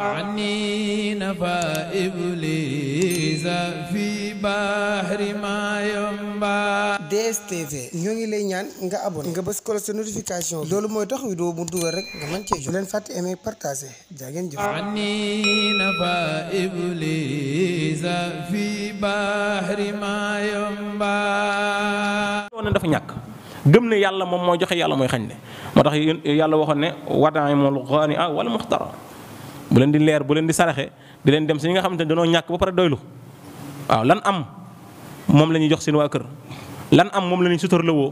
عني نفى إبليس في بحر ما ينبع DSTV ñoo ngi lay ñaan nga abonné nga bës ko la sa notification loolu mooy tax vidéo mu dugal rek nga mën cee jot leen fàtte aimer partager jaa ngeen jëf عني نفى إبليس في بحر ما ينبع ne yàlla moom mooy joxe yàlla mooy xañ ne moo tax yàlla waxoon ne wadaimul xaani ah wala muxtara bu len di leer bu len di saraxé di len dem ci nga xamante dañu ñak ba pare doylu waaw lan am mom la jox seen wa kër lan am moom la ñuy suturlawoo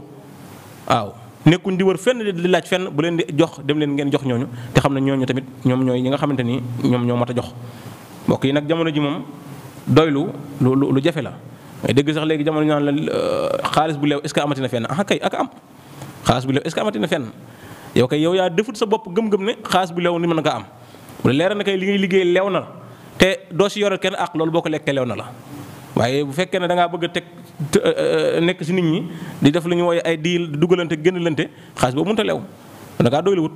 waaw nekkun di wër fenn di laaj fenn bu len di jox dem len ngeen jox ñooñu te xamna ne ñooñu tamit ñom ñoy ñi nga xamante ni ñoom ñoo mata jox bokk yi nak jamono ji mom doylu lu lu jafé la mais deug sax légui jamono ñaan la euh, xaaliss bu lew est-ce amati na fenn ah kay ak am xaaliss bu lew est-ce amati na fenn yow kay yow ya defut sa bop gëm-gëm ne xaaliss bu lew ni mëna nga am mu ne na kay li ngay liggéey lew na te doo si yore kenn ak loolu boo ko lekkee lew na la waaye bu fekkee ne da bëgg a teg eh, eh, nekk si nit ñi di def lu ñu wooye ay duggalante dugalante génnalante xaalis boobu mun a lew da ngaa doyluwut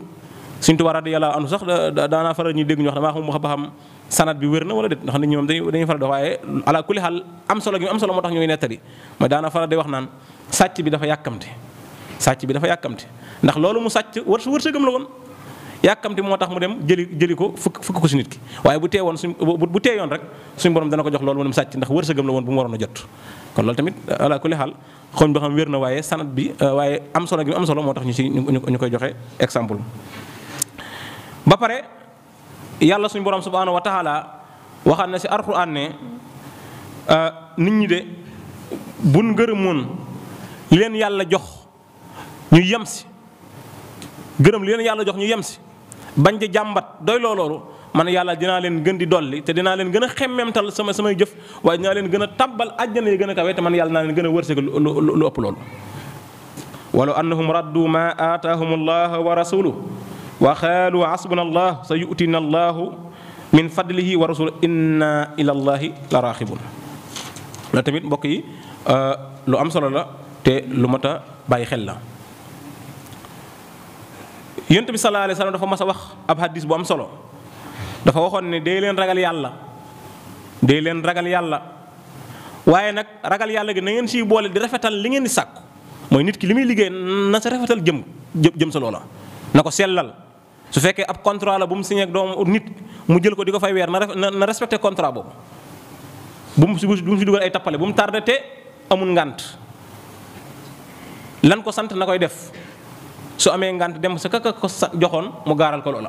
suñ tubaab rajo yàlla anu sax daanaa faral ñuy dégg ñu wax damaa xam wax ba xam sanat bi wér na wala déet ndax nit ñi moom dañuy faral waaye ala kulli am solo gi am solo moo tax ñooy nettali mooy daana faral di wax naan sàcc bi dafa yàkkamte sàcc bi dafa yàkkamte ndax loolu mu sàcc su wërsëgam la woon yàkkamti moo tax mu dem jëli jëli ko fukk fukk ko si nit ki waaye bu teewoon suñ bu teeyoon rek suñu borom dana ko jox loolu mu dem sàcc ndax wërsëgam la woon bu mu waroon a jot kon loolu tamit euh, ala kulli xaal xoñ ba xam wér na waaye sanat bi euh, waaye am solo gi mu am solo moo tax ñu si ñu koy joxe exemple ba pare yàlla suñu borom subhaanahu wa taala waxaat na si alxuraan ne euh, nit ñi de buñ ngërëmoon li leen yàlla jox ñu yem si gërëm li leen yàlla jox ñu yem si bañ di jàmbat doy loo loolu man yàlla dinaa leen gën di dolli te dinaa leen gën a xemmemtal sama samay jëf waaye dinaa leen gën a tabbal na yi gën a kawe te man yàlla naa leen gën a wërsëg lu ëpp loolu walaw annahum raddu ma aataahum allah wa rasuluhu wa xaalu asbuna allah sa yutina allahu min fadlihi wa rasuluhu inna ila allahi la raaxibun la tamit mbokk yi euh, lu am solo la te lu mat a bàyyi xel la yent bi sallallahu alaihi wasallam dafa massa wax ab hadith bu am solo dafa waxoon ne de len ragal yalla de len ragal yalla waye nak ragal yalla gi na ngeen ci boole di rafetal li ngeen di sakku moy nit ki limi muy na sa rafetal jëm jëm sa loola nako selal su fekke ab contrat la bu mu signé ak doom nit mu jël ko diko fay weer na respecté contrat boobu bu mu si bu mu si dugal ay tappale bu mu tardé té amul ngant lan ko sant nakoy def su amé ngant dem sa kaka ko sa mu garal ko lola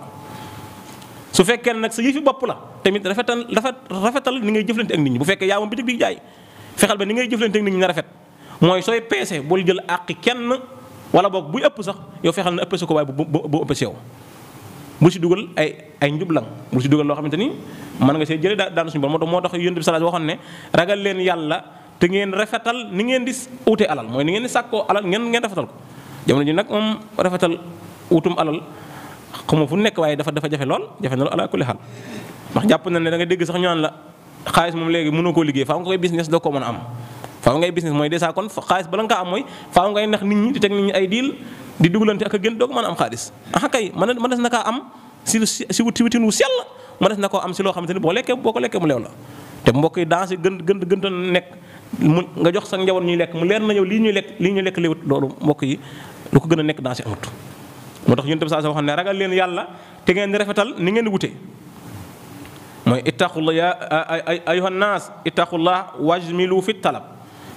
su fekkee nak sa yifi bop la tamit rafetal rafet rafetal ni ngay jëflante ak nit ñi bu fekkee yaa bitik bi jaay fexal ba ni ngay jëflante ak nit ñi na rafet moy soy pc bul jël ak kenn wala bok bu ëpp sax yo fexal na ëpp sa ko way bu ëpp ci yow bu ci dugal ay ay njublang bu ci dugal lo xamanteni man mën nga see da daanu suñu borom moo tax yonent bi sallallahu alayhi waxoon ne ragal leen yalla te ngeen rafetal ni ngeen di outé alal moy ni ngeen di alal ngeen ngeen rafetal ko jamono ji nag moom rafetal wutum alal xamoo fu nekk waaye dafa dafa jafe lool jafe na lool ala kulli xaal ndax jàpp na ne da dégg sax ñu naan la xaalis moom léegi mënoo koo liggéey faaw nga koy business doo ko mën a am. faaw ngay business mooy dèjà kon xaalis bala nga ko am mooy faaw ngay nax nit ñi di teg di dugalante a gën doo ko am xaalis ah kay mën na mën des na kaa am si si si wutin wu sell mën des na koo am si loo xamante ni boo lekkee boo ko lekkee mu leew la te mbokk yi danse gën gën gën nekk mu nga jox sa njaboot ñuy lekk mu leer na ñëw lii ñuy lekk lii ñuy lekk léwut loolu mbokk yi lu ko gën a nekk dans si amut moo tax ñun tam saa sa waxoon ne ragal leen yàlla te ngeen di rafetal ni ngeen wute mooy ittaqullah ya ayyuhan naas ittaqullah wajmilu fi talab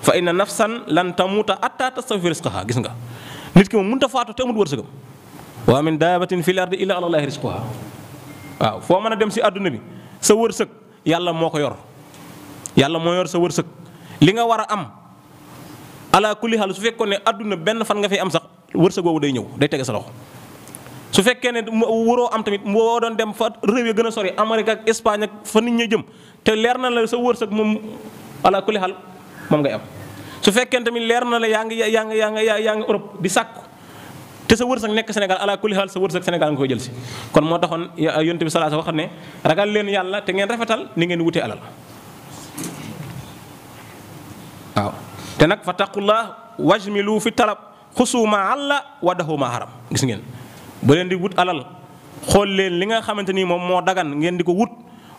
fa inna nafsan lan tamuuta atta tastawi risqaha gis nga nit ki moom mënut a faatu te amut wërsëgam waa min daabatin fil ardi illa ala llahi risquha waaw foo mën a dem si àdduna bi sa wërsëg yàlla moo ko yor yàlla moo yor sa wërsëg li nga war a am ala kulli su fekkoon ne àdduna benn fan nga fi am sax wërsëg googu day ñëw day tege sa loxo su fekkee ne waroo am tamit boo doon dem fa réew yi gën a sori Amérique ak Espagne ak fa nit ñi jëm te leer na la sa wërsëg moom ala kulli xaal moom ngay am. su fekkee tamit leer na la yaa ngi yaa ngi yaa ngi yaa ngi Europe di sàkku te sa wërsëg nekk Sénégal ala kulli xaal sa wërsëg Sénégal nga koy jël si kon moo taxoon yonent bi sallallahu alayhi wasallam wax ne ra leen yàlla te ngeen rafetal ni ngeen wutee alal. waaw te nag fa taqullah wajmilu fi talab xusuma àlla wa haram gis ngeen ba leen di wut alal xool leen li nga xamante ni moom moo dagan ngeen di ko wut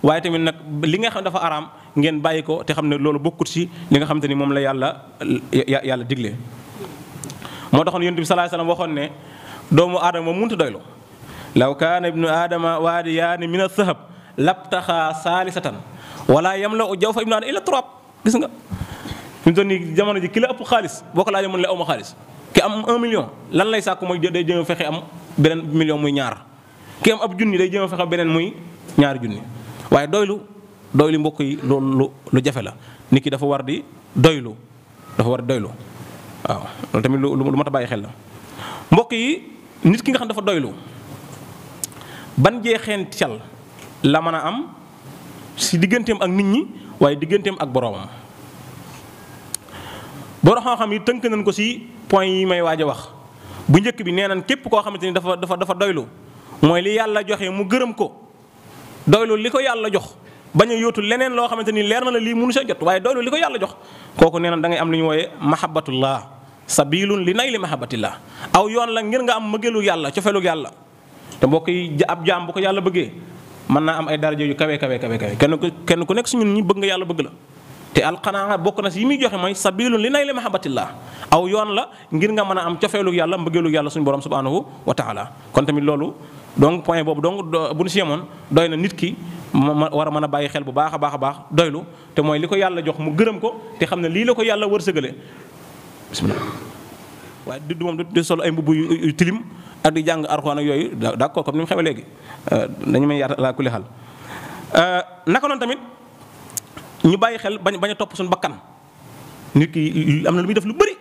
waaye tamit nag li nga xam dafa araam ngeen bàyyi ko te xam ne loolu bokkut si li nga xamante ni la yàlla yàlla digle moo taxoon yonent sallallahu alayhi wasallam waxoon ne doomu aadama munta doylu law kaana ibnu aadama waadiyaani min asahab labtaxaa saalisatan wala yamla u ibnu aadama illa turab gis nga fi mu jamono ji ki la ëpp xaalis boo ko laajee mën la aw ma xaalis ki am 1 million lan lay sàkku mooy day jëm a fexe am beneen million muy ñaar ki am ab junni day jëm fexe beneen muy ñaari junni waaye doylu doylu mbokk yi loolu lu jafe la nit ki dafa war di doylu dafa war di doylu waaw loolu tamit lu mat a bàyyi xel la mbokk yi nit ki nga xam dafa doylu ban jeexeen jeexeental la mën a am si digganteem ak nit ñi waaye digganteem ak boroomam borom xam-xam yi tënk nañ ko si point yi may waaj a wax bu njëkk bi nee nañ képp koo xamante ni dafa dafa dafa doylu mooy li yàlla joxe mu gërëm ko doylu li ko yàlla jox bañ a yóotu leneen loo xamante ni leer na la lii munu sa jot waaye doylu li ko yàlla jox kooku nee na da am lu ñu wooyee mahabbatullah sabilun li nay li mahabbatillah aw yoon la ngir nga am mëggeelu yàlla cofeelu yàlla te mbokk yi ab jaam bu ko yàlla bëggee mën naa am ay daraja yu kawe kawe kawe kawe kenn kenn ku nekk si ñun ñi bëgg yàlla bëgg la te alqanaa bokk na si yi muy joxe mooy sabilun li nay li mahabatillah aw yoon la ngir nga mën a am cofeelug yàlla mbëggeelug yàlla suñu borom subhanahu wa taala kon tamit loolu donc point boobu donc bu ñu si yemoon doy na nit ki ma war a mën a bàyyi xel bu baax a baax a baax doylu te mooy li ko yàlla jox mu gërëm ko te xam ne lii la ko yàlla wërsëgale bismillah waaye du moom du sol ay mbubb yu tilim ak di jàng arxuwaan ak yooyu d'accord comme ni mu xewee dañu euh, may yaata ñu bayyi xel bañ bañ suñu bakkan nit ki amna lu muy def lu bari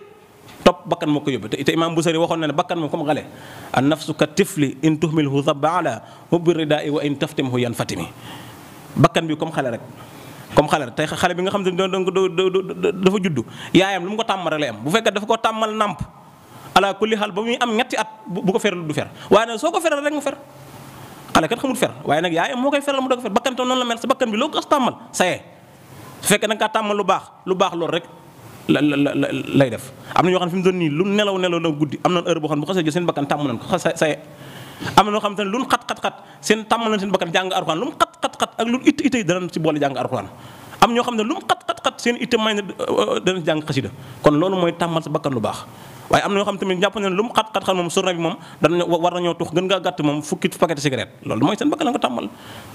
top bakkan moko yobbe te imam busari waxon na bakkan moko comme an nafsu ka tifli in tuhmilhu dhabba ala hubbi ridai wa in taftimhu yanfatimi bakkan bi kom xale rek kom xale tay xale bi nga xam dafa juddu yaayam lu mu ko tamal lay am bu fekk dafa ko tamal namp ala kulli hal bamuy am ñetti at bu ko feral du fer waye nak soko feral rek nga fer xale kat xamul fer waye nak yaayam mo koy feral mu do ko fer bakkan to non la mel sa bakkan bi ko tamal saye su fekkee da nga tàmmal lu baax lu baax loolu rek la la la lay def am na ñoo xam ne fi mu nii lu nelaw nelaw na guddi am na heure boo xam ne bu xasee jël seen bakkan tàmm nañ ko xasee saye am na ñoo xam te ne lu xat seen tàmm nañ seen bakkan jàng alxuraan lu mu xat xat xat ak lu it itay am xam ne lu mu xat xat xat seen itam may na jàng xasida kon loolu mooy tàmmal sa bakkan lu baax waye amna na ñoo xam tamit japp ne lu mu xat xat xam mom surna bi mom dañ war nañu tux gën nga gatt mom fukki paquet cigarette loolu moy seen bakkan nga tamal tàmmal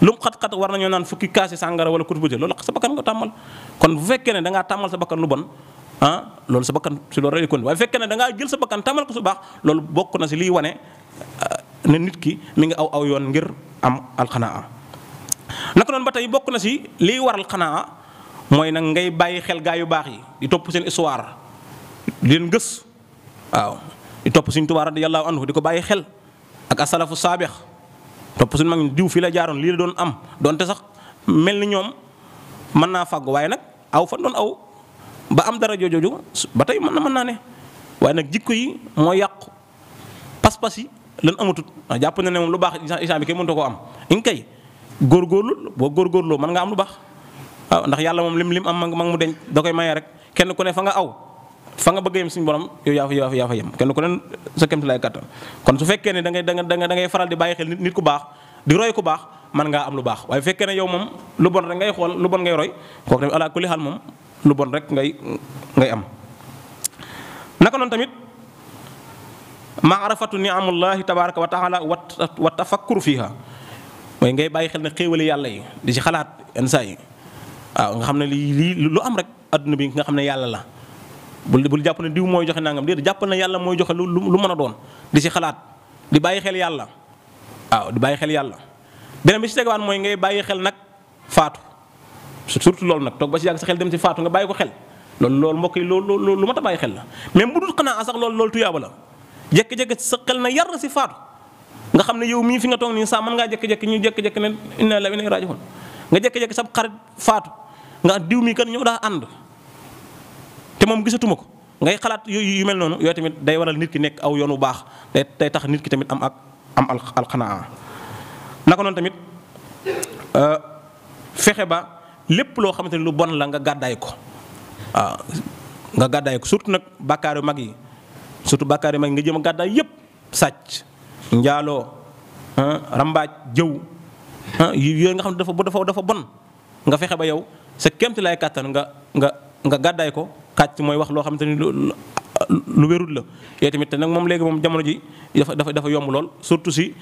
lu mu xat xat war nañu naan fukki kasse sangara wala kut butéel loolu sa bakkan nga tamal kon bu fekkee ne da nga tamal sa bakkan lu bon ah loolu sa bakkan ci loolu rek kon waaye fekkee ne da nga jël sa bakkan tamal ko su bax loolu bokku na ci li wone ah, ne nit ki mi nga aw aw yon ngir am al naka nak non batay bokku na si liy waral xanaa moy nak ngay bayyi xel ga yu bax yi di top seen histoire di leen waaw di topp suñ Tuubaa radiyallahu anhu di ko bàyyi xel ak asalafu saabeex topp suñ mag ñu don la am don sax mel ni man na fagu fàggu nak au aw fan doon aw ba am dara jooju ba na ne waaye nak jikko yi pas pasi yi lan amatut ah jàpp na ne moom lu baax bi kay ko am in kay gur boo góorgóorloo mën nga am lu baax waaw ndax yalla moom lim lim am mang mu den da koy maye rek kenn ku ne fa fa nga bëgg yem suñu borom yow yaa fa yaa fa yaa fa yëm kenn ku leen sa kemt lay kon su fekkee ne da ngay da nga da ngay faral di bàyyi xel nit ku baax di roy ku baax man nga am lu baax waaye fekkee ne yow moom lu bon rek ngay xool lu bon ngay roy kooku tamit ala kulli xaal moom lu bon rek ngay ngay am naka noonu tamit maarafatu niamullahi tabaraka wa taala wa tafakkuru fiha mooy ngay bàyyi xel ne xéewale yàlla yi di ci xalaat yenn saa yi waaw nga xam ne lii lii lu am rek aduna bi nga xam ne la bul bul jàpp na diw mooy joxe nangam déedéet jàpp na yàlla mooy joxe lu lu mën a doon di si xalaat di bàyyi xel yàlla waaw di bàyyi xel yàlla beneen bi si tegawaat mooy ngay bàyyi xel nag faatu surtout loolu nag toog ba si yàgg sa xel dem si faatu nga bàyyi ko xel loolu loolu mbokk yi loolu loolu lu mat bàyyi xel la même bu dul xanaa sax loolu loolu tuyaaba la jékki-jékki sa xel na yar si faatu nga xam ne yow mii fi nga toog nii saa mën ngaa jékki-jékki ñu jékki jekk ne inna lillahi wa inna ilayhi raaji'uun nga jékki-jékki sa xarit faatu nga diw mii kan ñoo daa ànd te moom gisatuma ko ngay xalaat yu mel noonu yooyu tamit day waral nit ki nekk aw yoon bu baax day day tax nit ki tamit am ak am al alxanaa naka noonu tamit euh, fexe ba lépp loo xamante ni lu bon la nga gàddaay ko waaw nga gàddaay ko surtout nag bàkkaar yu mag yi surtout bàkkaar yu mag yi nga jëm a gàddaay yépp sàcc njaaloo rambaaj jëw yooyu nga xam ne dafa dafa dafa bon nga fexe ba yow sa kéemti laay kàttan nga nga nga gàddaay ko katch moy wax lo xamanteni lu lu wérul la yooyu tamit nak mom moom mom jamono ji dafa dafa dafa yomb lol surtout si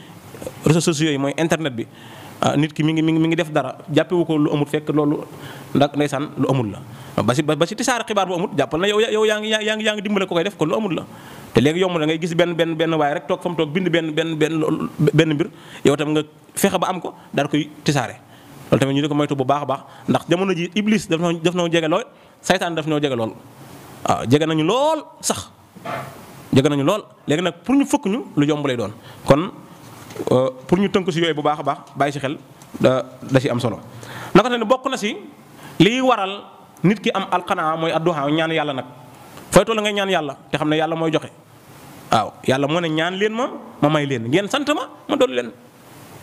réseaux sociaux moy internet bi ah, nit ki mi ngi mi ngi def dara jappé wuko lu amul fekk lolou ndak ndaysan lu amul la ba ci ba ci tisaara xibar bu amul jappal na yow yow yaa ngi yaa dimbalé ko koy def ko lu amul la té légui yomb da ngay gis ben ben ben way rek tok fam tok bind ben ben ben ben mbir yow tam nga fexé ba am ko daal koy tisaré lolou tamit ñu di ko moytu bu baax baax ndax jamono ji iblis daf na daf na jégé lool saytan daf ñoo jégal lool ah jégal nañu lool sax jégal nañu lool légui nak pour ñu fukk ñu lu yomb lay doon kon euh, pour ñu tënk ci yoy bu baax baax bay ci xel da da si am solo naka tane bokku na si li waral nit ki am alqanaa moy adduha ñaan yalla nak, fay tol nga ñaan yalla te xam yalla moy joxe waaw yalla mo ne ñaan leen ma ma may leen ngeen sant ma ma doon leen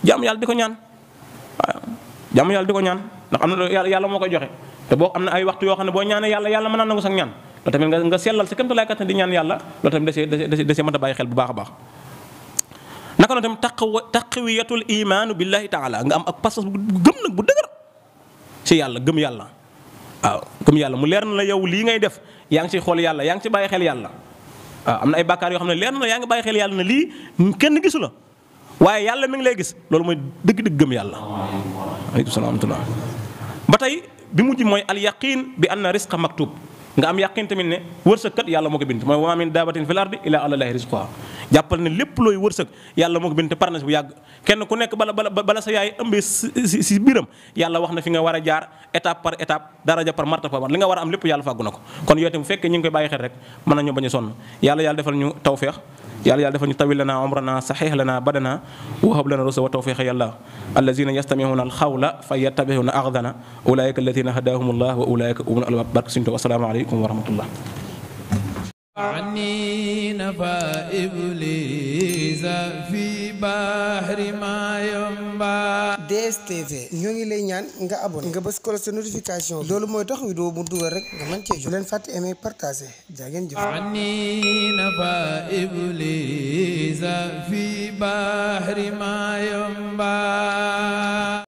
jam yalla di ñaan jam yalla diko ñaan ndax amna yalla joxe. te boo am na ay waxtu yoo xam ne boo ñaanee yàlla yàlla mën naa nangu sax ñaan loolu tamit nga nga sellal si kéem tolluwaay kattan di ñaan yàlla loolu tamit dese dese dese mën a xel bu baax baax. naka la tamit taqwa taqwiyatul imaanu billahi taala nga am ak pas bu gëm nag bu dëgër si yàlla gëm yàlla waaw gëm yàlla mu leer na la yow lii ngay def yaa ngi siy xool yàlla yaa ngi si bàyyi xel yàlla waaw am na ay bàkkaar yoo xam ne leer na la yaa ngi bàyyi xel yàlla na lii kenn gisu la waaye yàlla mi ngi lay gis loolu mooy dëgg-dëgg gëm yàlla. waaleykum bi mujj mooy al yaqin bi anna risqa maktub nga am yaqin tamit ne wërsëg kat yàlla moo ko bind mooy wa maa min daabatin fil ardi illaa alaa llaahi rizquhaa jàppal ne lépp looy wërsëg yàlla moo ko bind te parnas bu yàgg kenn ku nekk bala bala bala sa yaay ëmbee si si biiram yàlla wax na fi nga war a jaar étape par étape daraja par martaba par li nga war a am lépp yàlla fàggu na ko kon yooyu tamit bu fekkee ñu ngi koy bàyyi xel rek mën nañoo bañ son sonn yàlla yàlla defal ñu tawféex يالا يالا دافني طويل لنا عمرنا صحيح لنا بدنا وهب لنا رسل وتوفيق يالا الذين يستمعون الخول فيتبعون اغذنا اولئك الذين هداهم الله واولئك هم البركسين والسلام عليكم ورحمه الله عني نفى إبليس في بحر ما ينبع DSTV ñoo ngi lay ñaan nga abonné nga bës ko la sa notification loolu mooy tax vidéo mu dugal rek nga mën cee jox leen fàtte aimer partager jaa ngeen jëf عني نفى إبليس في بحر ما ينبع